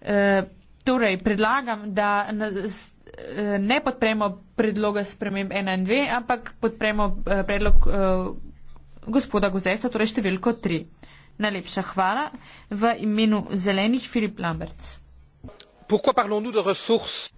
Eh, torej, predlagam, da eh, ne podpremo predloga sprememb 1 in 2, ampak podpremo eh, predlog gospoda Gozesta, torej številko 3. Najlepša hvala v imenu zelenih Filip Lamberts. Pourquoi parlons-nous de ressources